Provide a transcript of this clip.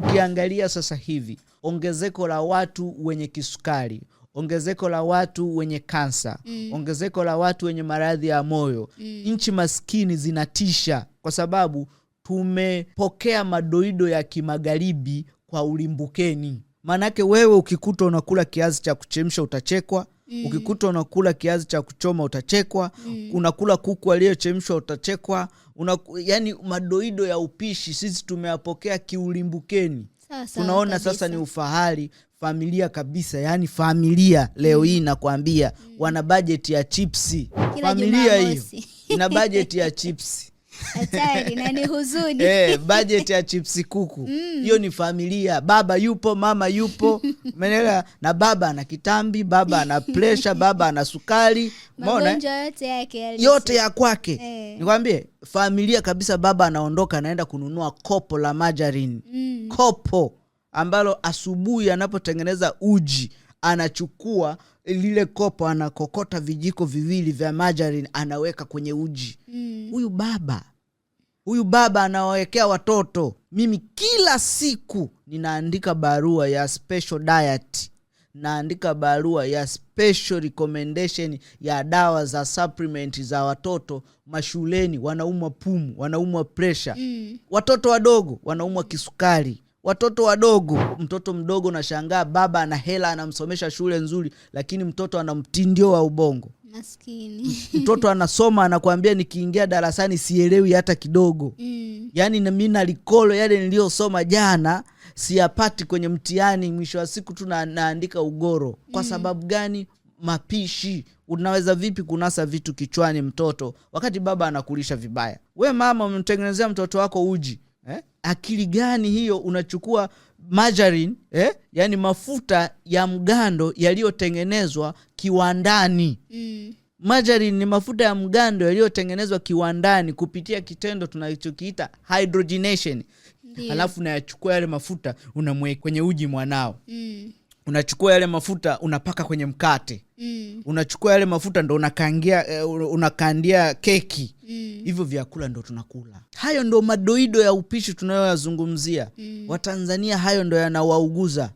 Tukiangalia sasa hivi ongezeko la watu wenye kisukari, ongezeko la watu wenye kansa mm. ongezeko la watu wenye maradhi ya moyo mm. nchi maskini zinatisha, kwa sababu tumepokea madoido ya kimagharibi kwa ulimbukeni. Maanake wewe ukikuta unakula kiasi cha kuchemsha utachekwa mm. Ukikuta unakula kiazi cha kuchoma utachekwa mm. Unakula kuku aliyochemshwa utachekwa una, yani madoido ya upishi sisi tumeyapokea kiulimbukeni. tunaona sasa, Sasa ni ufahari familia kabisa, yani familia leo mm. hii mm. nakwambia mm. wana bajeti ya chipsi, familia hiyo ina bajeti ya chipsi hatari eh, bajeti ya chipsi kuku mm. hiyo mm. Ni familia, baba yupo, mama yupo, umeelewa? Na baba ana kitambi, baba ana presha, baba ana sukari, magonjwa yote yake yote ya kwake eh. Nikwambie familia kabisa, baba anaondoka anaenda kununua kopo la majarini mm. kopo ambalo asubuhi anapotengeneza uji anachukua lile kopo anakokota vijiko viwili vya majarini anaweka kwenye uji mm. huyu mm. baba huyu baba anawawekea watoto. Mimi kila siku ninaandika barua ya special diet, naandika barua ya special recommendation ya dawa za supplement za watoto mashuleni. Wanaumwa pumu, wanaumwa presha mm. watoto wadogo wanaumwa kisukari watoto wadogo. Mtoto mdogo, nashangaa baba ana hela anamsomesha shule nzuri, lakini mtoto ana mtindio wa ubongo maskini mtoto anasoma anakuambia, nikiingia darasani sielewi hata kidogo mm. Yaani na nalikolo yale niliyosoma jana siyapati kwenye mtihani, mwisho wa siku tu naandika ugoro. Kwa mm. sababu gani? Mapishi. Unaweza vipi kunasa vitu kichwani mtoto wakati baba anakulisha vibaya? We mama umemtengenezea mtoto wako uji eh? Akili gani hiyo unachukua majarin eh? yani mafuta ya mgando yaliyotengenezwa kiwandani mm. majarin ni mafuta ya mgando yaliyotengenezwa kiwandani kupitia kitendo tunachokiita hydrogenation. Halafu unayachukua yale mafuta unamwe kwenye uji mwanao mm unachukua yale mafuta unapaka kwenye mkate mm. unachukua yale mafuta ndo uh, unakandia keki mm. hivyo vyakula ndo tunakula. Hayo ndo madoido ya upishi tunayoyazungumzia mm. Watanzania hayo ndo yanawauguza